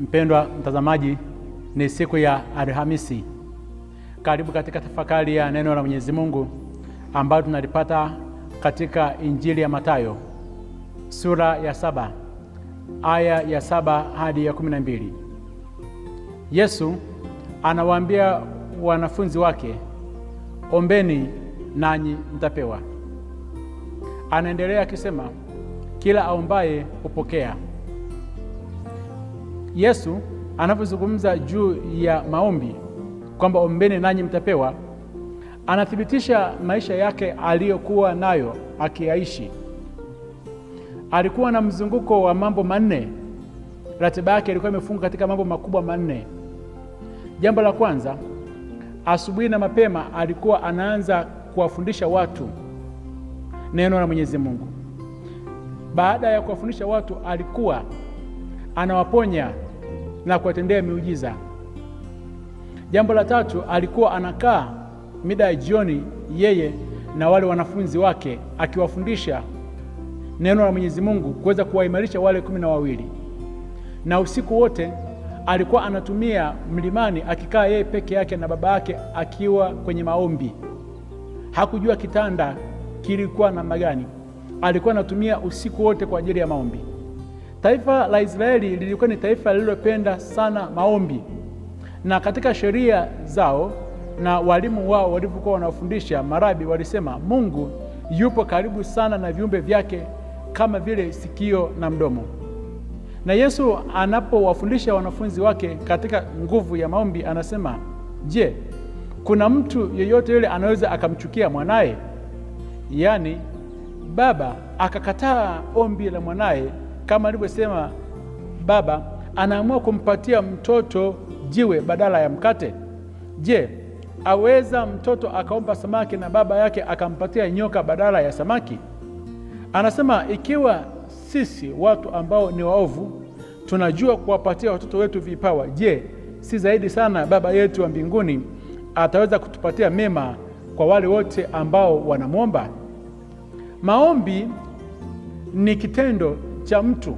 Mpendwa mtazamaji, ni siku ya Alhamisi. Karibu katika tafakari ya neno la Mwenyezi Mungu ambayo tunalipata katika Injili ya Mathayo sura ya saba aya ya saba hadi ya kumi na mbili. Yesu anawaambia wanafunzi wake, ombeni nanyi mtapewa. Anaendelea akisema, kila aombaye hupokea Yesu anapozungumza juu ya maombi kwamba ombeni nanyi mtapewa, anathibitisha maisha yake aliyokuwa nayo akiyaishi. Alikuwa na mzunguko wa mambo manne, ratiba yake ilikuwa imefunga katika mambo makubwa manne. Jambo la kwanza, asubuhi na mapema alikuwa anaanza kuwafundisha watu neno la Mwenyezi Mungu. Baada ya kuwafundisha watu, alikuwa anawaponya na kuwatendea miujiza. Jambo la tatu, alikuwa anakaa mida ya jioni, yeye na wale wanafunzi wake, akiwafundisha neno la Mwenyezi Mungu kuweza kuwaimarisha wale kumi na wawili, na usiku wote alikuwa anatumia mlimani akikaa yeye peke yake na baba yake akiwa kwenye maombi. Hakujua kitanda kilikuwa namna gani, alikuwa anatumia usiku wote kwa ajili ya maombi. Taifa la Israeli lilikuwa ni taifa lililopenda sana maombi, na katika sheria zao na walimu wao walipokuwa wanafundisha marabi walisema Mungu yupo karibu sana na viumbe vyake kama vile sikio na mdomo. Na Yesu anapowafundisha wanafunzi wake katika nguvu ya maombi anasema, je, kuna mtu yeyote yule anaweza akamchukia mwanaye? Yaani baba akakataa ombi la mwanaye kama alivyosema baba, anaamua kumpatia mtoto jiwe badala ya mkate. Je, aweza mtoto akaomba samaki na baba yake akampatia nyoka badala ya samaki? Anasema ikiwa sisi watu ambao ni waovu tunajua kuwapatia watoto wetu vipawa, je, si zaidi sana baba yetu wa mbinguni ataweza kutupatia mema kwa wale wote ambao wanamwomba? Maombi ni kitendo cha mtu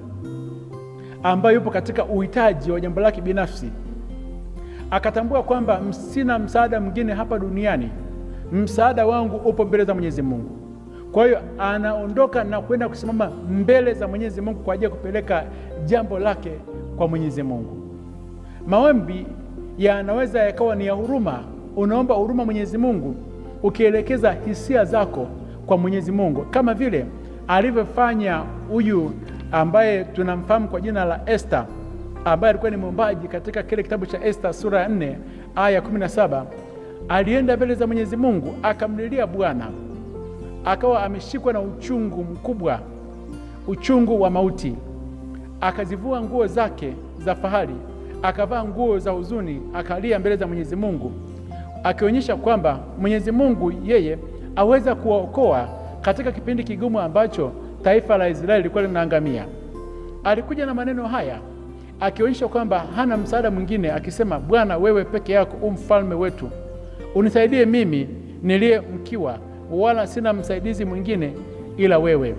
ambaye yupo katika uhitaji wa jambo lake binafsi, akatambua kwamba sina msaada mwingine hapa duniani, msaada wangu upo mbele za Mwenyezi Mungu. Kwa hiyo anaondoka na kwenda kusimama mbele za Mwenyezi Mungu kwa ajili ya kupeleka jambo lake kwa Mwenyezi Mungu. Maombi yanaweza yakawa ni ya huruma, unaomba huruma Mwenyezi Mungu ukielekeza hisia zako kwa Mwenyezi Mungu kama vile alivyofanya huyu ambaye tunamfahamu kwa jina la Esta ambaye alikuwa ni mwombaji katika kile kitabu cha Esta sura ya nne aya kumi na saba alienda mbele za Mwenyezi Mungu akamlilia Bwana, akawa ameshikwa na uchungu mkubwa, uchungu wa mauti. Akazivua nguo zake za fahari, akavaa nguo za huzuni, akalia mbele za Mwenyezi Mungu, akionyesha kwamba Mwenyezi Mungu yeye aweza kuwaokoa katika kipindi kigumu ambacho taifa la Israeli lilikuwa linaangamia. Alikuja na maneno haya akionyesha kwamba hana msaada mwingine, akisema, Bwana wewe peke yako u mfalme wetu, unisaidie mimi niliye mkiwa, wala sina msaidizi mwingine ila wewe,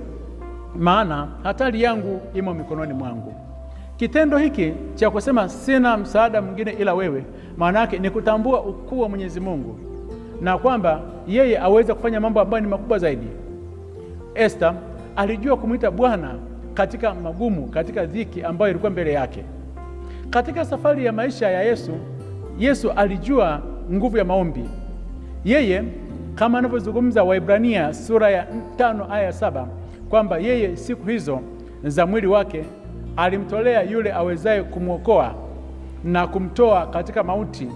maana hatari yangu imo mikononi mwangu. Kitendo hiki cha kusema sina msaada mwingine ila wewe, maana yake ni kutambua ukuu wa Mwenyezi Mungu na kwamba yeye aweza kufanya mambo ambayo ni makubwa zaidi. Esta alijua kumwita Bwana katika magumu, katika dhiki ambayo ilikuwa mbele yake. Katika safari ya maisha ya Yesu, Yesu alijua nguvu ya maombi. Yeye kama anavyozungumza Waibrania sura ya tano aya ya saba kwamba yeye siku hizo za mwili wake alimtolea yule awezaye kumwokoa na kumtoa katika mauti,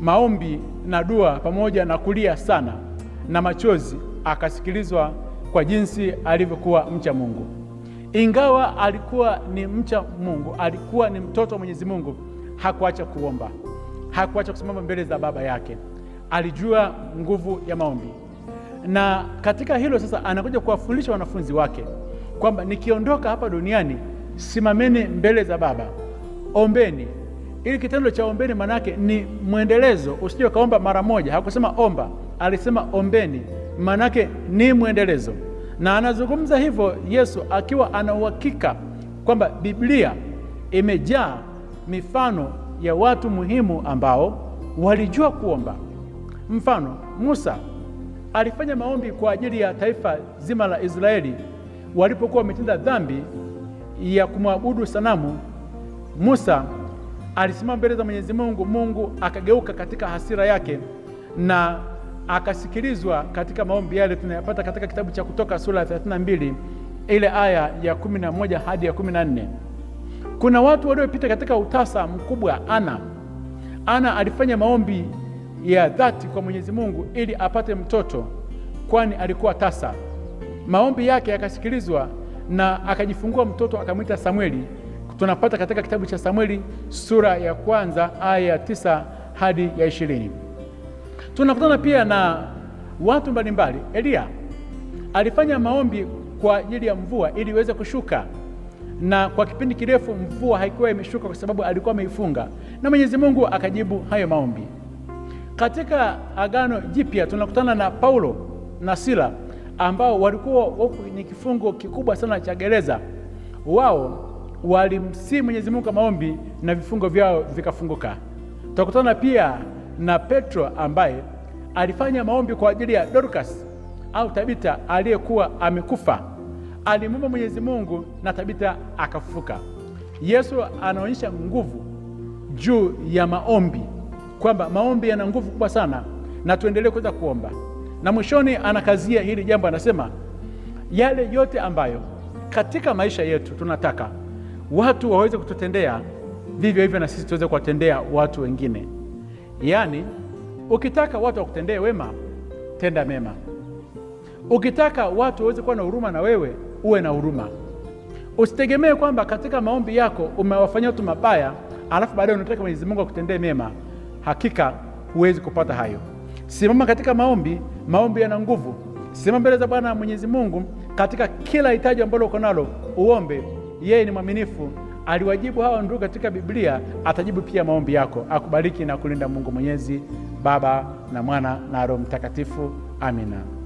maombi na dua pamoja na kulia sana na machozi, akasikilizwa kwa jinsi alivyokuwa mcha Mungu. Ingawa alikuwa ni mcha Mungu, alikuwa ni mtoto wa Mwenyezi Mungu, hakuacha kuomba, hakuacha kusimama mbele za baba yake. Alijua nguvu ya maombi, na katika hilo sasa anakuja kuwafundisha wanafunzi wake kwamba nikiondoka hapa duniani, simameni mbele za Baba, ombeni. Ili kitendo cha ombeni manake ni mwendelezo, usije ukaomba mara moja. Hakusema omba, alisema ombeni maanake ni mwendelezo, na anazungumza hivyo Yesu akiwa ana uhakika kwamba Biblia imejaa mifano ya watu muhimu ambao walijua kuomba. Mfano, Musa alifanya maombi kwa ajili ya taifa zima la Israeli walipokuwa wametenda dhambi ya kumwabudu sanamu. Musa alisimama mbele za Mwenyezi Mungu, Mungu akageuka katika hasira yake na akasikilizwa katika maombi yale tunayapata katika kitabu cha Kutoka sura ya 32 ile aya ya 11 hadi ya 14. Kuna watu waliopita katika utasa mkubwa. Ana Ana alifanya maombi ya dhati kwa Mwenyezi Mungu ili apate mtoto, kwani alikuwa tasa. Maombi yake yakasikilizwa na akajifungua mtoto, akamwita samweli Tunapata katika kitabu cha samweli sura ya kwanza aya ya tisa hadi ya ishirini. Tunakutana pia na watu mbalimbali. elia alifanya maombi kwa ajili ya mvua ili iweze kushuka, na kwa kipindi kirefu mvua haikuwa imeshuka kwa sababu alikuwa ameifunga, na Mwenyezi Mungu akajibu hayo maombi. Katika Agano Jipya tunakutana na Paulo na Sila ambao walikuwa wako kwenye kifungo kikubwa sana cha gereza. Wao walimsii Mwenyezi Mungu kwa maombi na vifungo vyao vikafunguka. Tutakutana pia na Petro ambaye alifanya maombi kwa ajili ya Dorcas au Tabita aliyekuwa amekufa. Alimwomba Mwenyezi Mungu na Tabita akafufuka. Yesu anaonyesha nguvu juu ya maombi, kwamba maombi yana nguvu kubwa sana, na tuendelee kuweza kuomba. Na mwishoni anakazia hili jambo, anasema yale yote ambayo katika maisha yetu tunataka watu waweze kututendea, vivyo hivyo na sisi tuweze kuwatendea watu wengine. Yaani, ukitaka watu wakutendee wema, tenda mema. Ukitaka watu waweze kuwa na huruma na wewe, uwe na huruma. Usitegemee kwamba katika maombi yako umewafanyia watu mabaya, alafu baadaye unataka Mwenyezi Mungu akutendee mema. Hakika huwezi kupata hayo. Simama katika maombi, maombi yana nguvu. Simama mbele za Bwana Mwenyezi Mungu katika kila hitaji ambalo uko nalo, uombe. Yeye ni mwaminifu aliwajibu hawa ndugu katika Biblia, atajibu pia maombi yako. Akubariki na kulinda Mungu Mwenyezi, Baba na Mwana na Roho Mtakatifu. Amina.